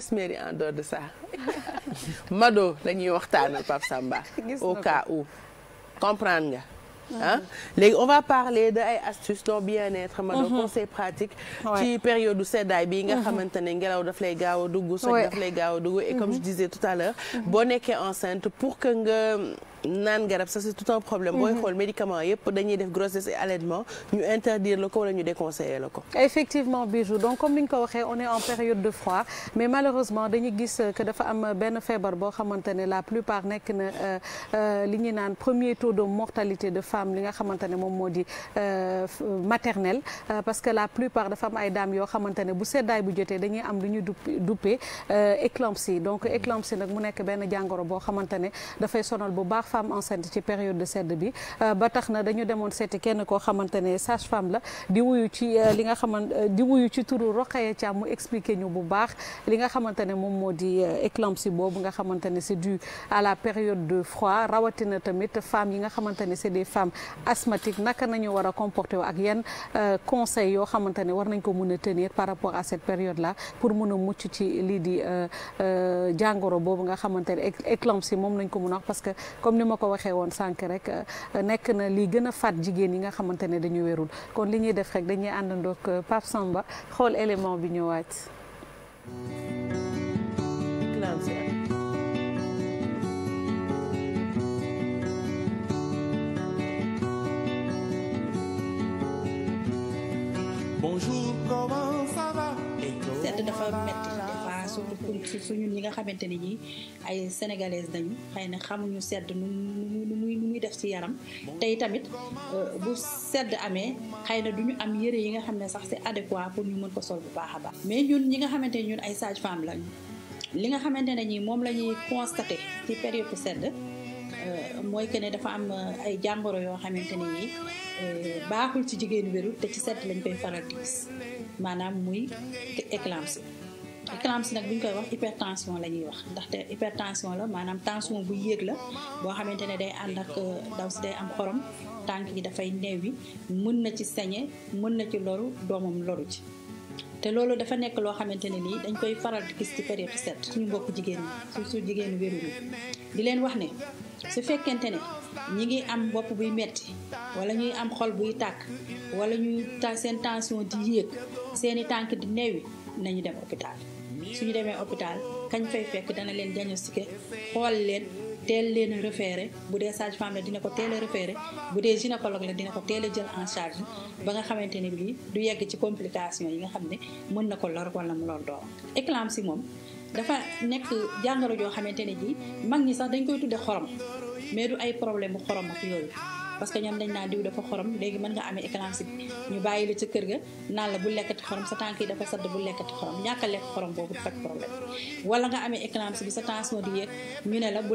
Rosemary en dehors de ça Mado la ñuy waxtaanal Pape Samba. au ka où comprendre nga. ah léegi on va parler de ay astuces dont bien-être. Mado mhm. conseil pratique. ci période du seddaay bi nga mhm. xamante ne ngelaw daf lay gaaw a dugg. soj daf lay gaaw a dugg et comme mhm. je disais tout à l'heure boo nekkee enceinte pour que nga. naan garab ça c'est tout un problème. booy mhm. xool médicament yëpp dañuy def grossesse et allaitement ñu interdire la ko wala ñu déconseiller la ko. effectivement Bijou donc comme ni nga ko waxee on est en période de froid mais malheureusement dañu gis que dafa am benn feebar boo xamante ne la plupart nekk na euh, euh, li ñuy naan premier taux de mortalité de femme li nga xamante ne moom moo di euh, maternelle parce que la plupart dafa am ay dames yoo xamante ne bu seddaay bu jotee dañuy am lu ñuy duppee éclampsie donc éclampsie nag mu nekk benn jàngoro boo xamante ne dafay sonal bu baax. femme enceinte ci période de sedd bi euh, ba tax na dañu demoon seeti kenn koo xamante ne sage femme la di wuyu ci euh, li nga xamante euh, di wuyu ci turu Rokhaya Thiam mu expliqué ñu bu baax li nga xamante ne moom moo di éclampsie boobu nga xamante ne c'est dû à la période de froid rawatina tamit femmes yi nga xamante ne c'est des femmes asthmatiques naka nañu war a comporter ak yan conseil yoo xamante ne war nañ ko mun a tenir par rapport à cette période là pour mën a mucc ci lii di jàngoro boobu nga xamante ne ni ma ko waxee woon sànq rek euh, nekk na li gën a faat jigéen yi nga xamante ne dañu wérul kon li ñuy def rek dañuy àndandoog euh, Pape Samba xool élément bi ñëwaat. surtout pour suñu ñi nga xamante ne ñi ay sénégalaise dañu xëy na xamuñu sedd nu nu muy nu muy def ci yaram tey tamit euh, bu sedd amee xëy na du ñu am yëre yi nga xam ne sax c'est adéquat pour ñu mën ko sol bu baax a baax mais ñun ñi nga xamante ne ñun ay sage-femme lañu li nga xamante ne ñi moom la ñuy constaté ci période bu sedd euh, mooy que ne dafa am euh, ay jàngoro yoo xamante ne nii baaxul ci jigéenu wérul te ci sedd lañ koy faral di gis maanaam muy éclampsie éclampse nag bu koy wax hypertension la ñuy wax ndaxte hypertension la maanaam tension buy yéeg la boo xamante ne day ànd ak euh, daw si day am xorom tànk yi dafay yi mën na ci sañe mën na ci loru doomam loru ci te loolu dafa nekk loo xamante ne nii dañ koy faral di gis ci période set suñu mbokk jigéen ñi su jigéenu wéru ñi di leen wax ne su fekkente ne ñi ngi am bopp buy metti wala ñuy am xol buy tàkk wala ñuy seen tension di yéeg seeni tànk di néewi nañu dem hôpital suñu demee hôpital kañ fay fekk dana leen diagnostiqué xool leen teel leen a référé bu dee sage femme la dina ko teel a référé bu dee gynécologue la dina ko teel a jël en charge ba nga xamante ne bii du yegg ci complication yi nga xam ne mën na ko lor wala mu lor doom éclampsie moom dafa nekk jàngoro joo xamante ne bii mag ñi sax dañ koy tudde xorom mais du ay problème bu xorom ak yooyu parce que ñoom dañ naa diw dafa xorom léegi mën nga amee éclampsie ñu bàyyi la ca kër ga naan la bu lekkati xorom sa tànk yi dafa sadd bu lekkati xorom ñàkk a lekk xorom boobu faj problème wala nga amee éclampsie bi sa tension di yéeg ñu ne la bu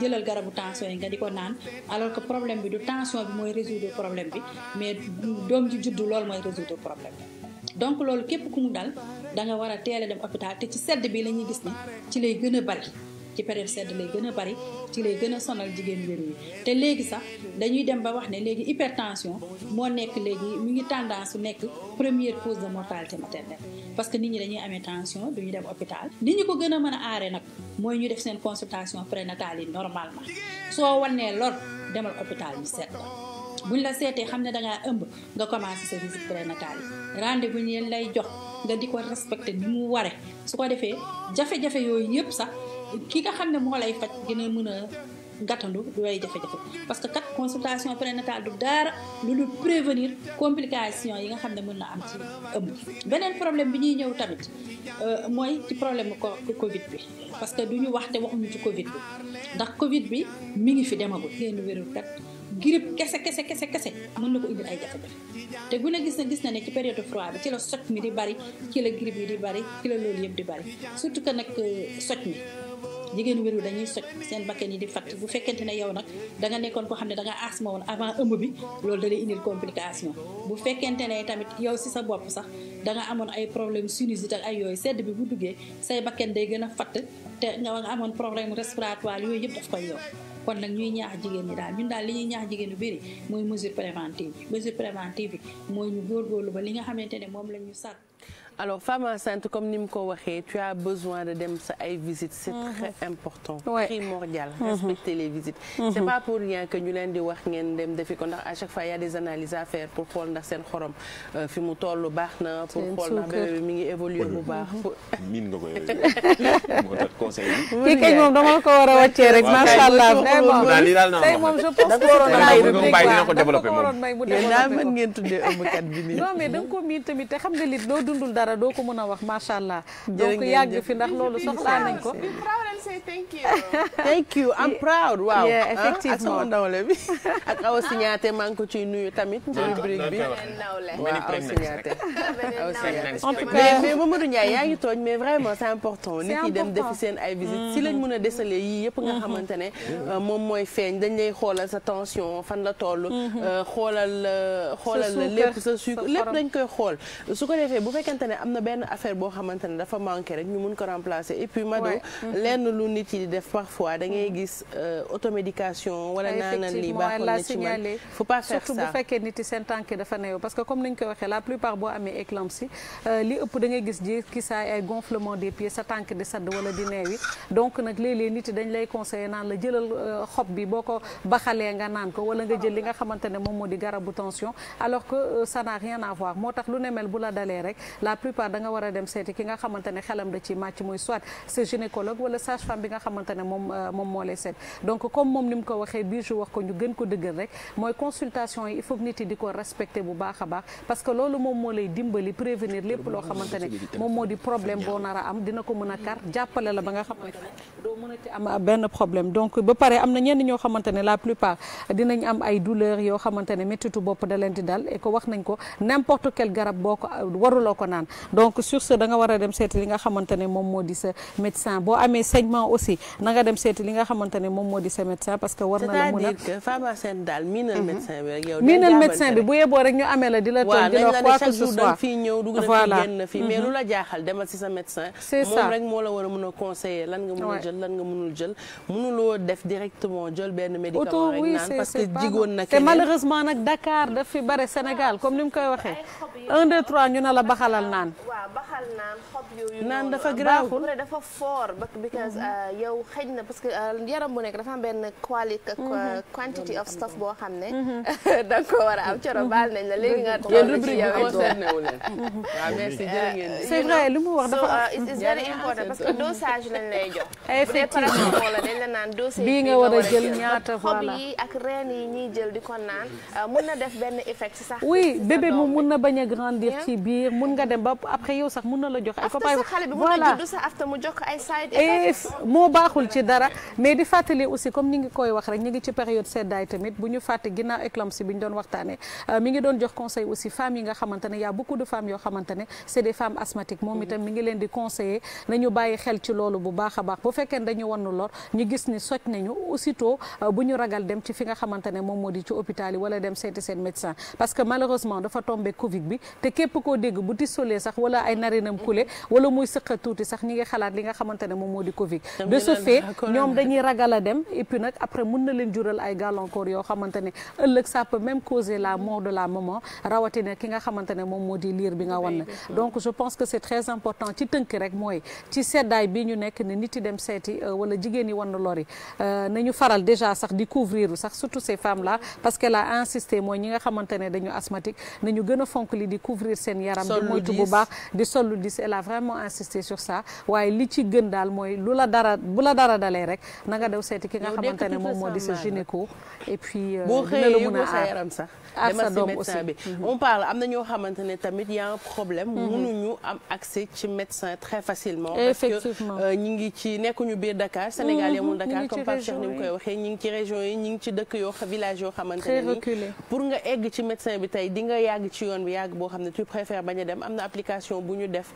jëlal garabu tension yi nga di ko naan alors que problème bi du tension bi mooy résoudre problème bi mais doom ji juddu lool mooy résoudre problème bi donc loolu képp ku mu dal da nga war a teel a dem hôpital ci sedd bi la ñuy gis ne ci lay gën a bari ci période sedd lay gën a bari ci lay gën a sonal jigéen wéru te léegi sax dañuy dem ba wax ne léegi hypertension moo nekk léegi mu ngi tendance su nekk première cause de mortalité maternelle parce que nit ñi dañuy amee tension duñu dem hôpital nit ñi ko gën a mën a aaree nag mooy ñu def seen consultation prénatale yi normalement soo nee lor demal hôpital ñu seet la buñ la seetee xam ne dangaa ëmb nga commencé sa visite prénatale yi rendez bu ñu leen lay jox nga di ko respecté ni mu ware su ko defee jafe yooyu yëpp sax ki nga xam ne moo lay faj dina mën a gàttandu waaye jafe-jafe parce que kat consultation prénatale du dara lu dul prévenir complication yi nga xam ne mën na am ci ëmb. beneen problème bi ñuy ñëw tamit euh, mooy ci problème mu Covid bi parce que du ñu wax te waxuñu ci Covid bi ndax Covid bi mu ngi fi demagul kenn wérul kat. grippe kese kese kese kese mën na ko indil ay jafe-jafe te bu ne gis na gis na ne ci période froid bi ci la soj mi di bari ci la grippe di bari ci la que nag euh, soj mi jigéenu wéru dañuy soj seen bakkan yi di fatt bu fekkente ne yow nag da nga nekkoon koo xam ne da nga asma woon avant ëmb bi loolu da lay complication bu fekkente ne tamit yow si sa bopp sax da amoon ay problème sinusite ay yooyu sedd bi bu duggee say bakken day gën a fatt te nga amoon problème respiratoire yooyu yëpp daf koy yokk kon nag ñuy ñaax jigéen ñi daal ñun daal li ñuy ñaax jigéen yu bëri mooy mesure préventive mesure préventive bi mooy ñu góorgóorlu ba li nga xamante ne moom la ñu sàkk alors femme enceinte comme ni mu ko waxee tu as besoin de dem sa ay visites c'est mhm. très important primordial mhm. respecter les visites mhm. c'est pas pour rien que ñu leen di wax ngeen dem defi ko ndax à chaque fois y a des analyses à pour xool ndax seen xorom euh, fi mu toll baax na pour xool na bébé mi ngi évoluer bu baax miin nga ko yooyu moo tax conseil bi kii kañ moom dama ko war a wàccee rek macha allah tey moom je pense que dina ko développé moom yéen daal mën ngeen tuddee ëmbkat bi nii non mais te xam nga li loo dundul daal dara doo ko mën a wax macha allah. donc yàgg fi ndax loolu soxlaa nañ ko. say thank you. thank you I'm proud. waaw ak sama ndawle bi ak aw siñaate maa ngi ko ci nuyu tamit. ci rubrique bi waaw aw siñaate. en tout cas yaa ngi tooñ mais vraiment c'est important. nit yi dem defi seen ay visite si mm-hmm. lañ mën a desalee yii yëpp nga mm-hmm. xamante ne. Euh, moom mooy feeñ dañ lay xoolal sa tension fan la toll. Mm-hmm. Euh, xoolal euh, xoolal lépp sa sucre lépp dañ koy xool su ko defee bu fekkente ne am na benn affaire boo xamante ne dafa manqué rek ñu mun ko remplacer et puis Mado lenn lu loolu nit yi di def parfois da ngay mm. gis euh, automédication. wala naanaan lii baaxul na ci man faut surtout bu fekkee nit yi seen tànk dafa neyoo parce que comme nañ koy waxee la plupart boo amee éclampsie euh, li ëpp da gis ki saay ay gonflement des pieds sa tànk di sadd wala di neewi donc nag léeg-léeg nit yi dañ lay conseiller naan la jëlal euh, xob bi boo ko baxalee nga naan ko wala nga jël li nga xamante ne moom moo di garabu tension alors que ça n'a rien à moo tax lu ne mel bu la dalee rek a dem seeti ki nga xamante femme bi nga xamante ne moom euh, moom moo lay seet donc comme moom ni ko waxee bii je wax ko ñu gën ko dëggal rek mooy consultation yi il faut nit yi di ko respecté bu baax a baax parce que loolu moom moo lay dimbali prévenir lépp loo xamante ne moom moo di problème boo nar a am dina ko mën a kar jàppale la ba nga xamante ne doo mën a ci donc ba pare am na ñenn ñoo xamante la plupart dinañ am ay douleur yoo xamante ne méttitu bopp da leen di dal et que wax nañ ko n'importe quel garab boo ko euh, waruloo ko naan donc sur ce da nga dem seet li nga xamante ne moom moo temps aussi na nga dem seeti li nga xamante ne moom moo di sa médecin parce que war na mun a cest à médecin miinal mhm. médecin bi bu yeboo rek ñu amee la di la toog di la wax quoi ñëw dugg na fi génn fii mais lu mhm. la jaaxal demal si sa médecin c'est ça moom rek moo la war a mun a conseiller lan nga mun a jël munul jël def directement jël benn médicament nag Dakar daf fi bare Sénégal comme ni mu koy un deux trois ñu na la baxalal naan waaw baxal naan xob yooyu. naan dafa ah. graaw mm-hmm. uh, na parce que uh, yaram bu nekk dafa am benn quality mm-hmm. quantity of stuff boo xam ne. Mm-hmm. da nga ko war a am coro baal nañ la léegi nga. yéen rubrique bi concerné wu leen. waaw merci uh, jërë ngeen c'est vrai lu mu wax dafa am. bii nga war a jël ñaata xob yi ak reen yi ñuy jël di ko naan mun na def benn effet sax. oui bébé mu mun na bañ a grandir ci biir mun nga dem ba après yow sax mun na la jox ay copain voilà eh, moo baaxul ci dara mais di fàttali aussi comme ni ngi koy wax rek ñu ngi ci période seddaay tamit bu ñu fàtte ginnaaw éclampsie bi ñu doon waxtaane euh, mi ngi doon jox conseil aussi femmes yi nga xamante ne y a beaucoup yoo xamante ne c'est des moom itam mi ngi leen di conseiller nañu bàyyi xel ci loolu bu baax a baax bu fekkee dañu wannu lor ñu gis ni soj nañu aussitôt euh, bu ñu ragal dem ci fi nga xamante moo di ci hôpital yi wala ay narinam coulé wala muy sëqa tuuti sax ñi ngi xalaat li nga xamante moom moo di Covid de ce fait ñoom dañuy ragal a dem et puis nag après mën na leen jural ay gàllankoor yoo xamante ëllëg ça peut même causer la mort de la maman rawatina ki nga xamante ne moom moo di liir bi nga wan pense que c'est très important ci tënk rek mooy ci seddaay bi ñu nekk ne nit yi dem seeti euh, wala jigéen yi wan lori euh, nañu faral déjà sax di couvrir sax surtout ces femmes là parce qu'elle a insisté mooy ñi nga xamante ne dañu asthmatique nañu gën a fonk li di couvrir seen yaram bi moytu di sol lu dis elle a vraiment insisté sur ça waaye li ci gën daal mooy lu la dara bu la dara dalee rek na nga daw seeti ki nga xamante ne moom moo di sa gynéco et euh, boo xëyee yóbboo sa yaram sax mhm. na ñoo xamante ne tamit a un problème mhm. euh, ngi ci nekkuñu biir Dakar Sénégal mhm. yamul Dakar comme ni mu koy waxee ñi ngi ci région yi ñi ngi ci dëkk yoo village yoo xamante ne nii pour nga egg ci médecin bi tey di nga yàgg ci yoon bi yàgg boo xam ne tu préfères bañ a dem am na application application bu ñu def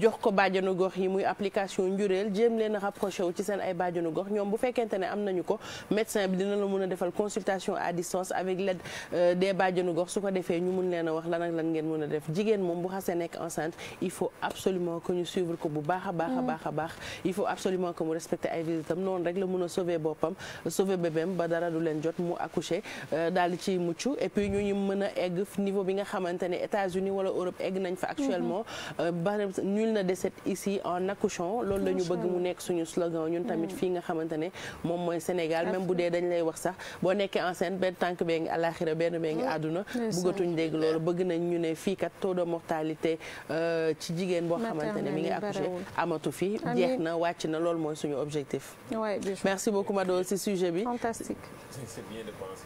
jox ko bàjjanu gox yi muy application njureel jéem leen a rapproché wu ci seen ay bàjjanu gox ñoom bu fekkente ne am nañu ko médecin bi dina la mun a defal consultation à distance avec l'aide euh, des bàjjanu gox su ko defee ñu mun leen a wax lan ak lan ngeen mën a def jigéen moom bu xasee nekk enceinte il faut absolument que ñu suivre ko bu baax a baax a mm. baax a baax il faut absolument que mu respecter ay visitam noonu rek la mën a sauver boppam sauver bébém ba dara du leen jot mu accoucher euh, daal di ciy mucc et puis ñu ñu mën a egg niveau bi nga xamante ne États-Unis wala Europe egg nañ fa mm-hmm. actuellement par euh, exemple nul ne décède ici en accouchant loolu la ñu bëgg mu nekk suñu slogan ñun tamit fii nga xamante ne moom mooy Sénégal même bu dee dañ lay wax sax boo nekkee enceinte benn tànk bee ngi àlaxira benn bee ngi àdduna bëggatuñ dégg loolu bëgg nañ ñu ne fii kat taux de mortalité euh, ci jigéen boo xamante ne mi ngi accouché amatu fi jeex na wàcc na loolu mooy suñu objectif merci beaucoup Mado si sujet bi fantastique c'est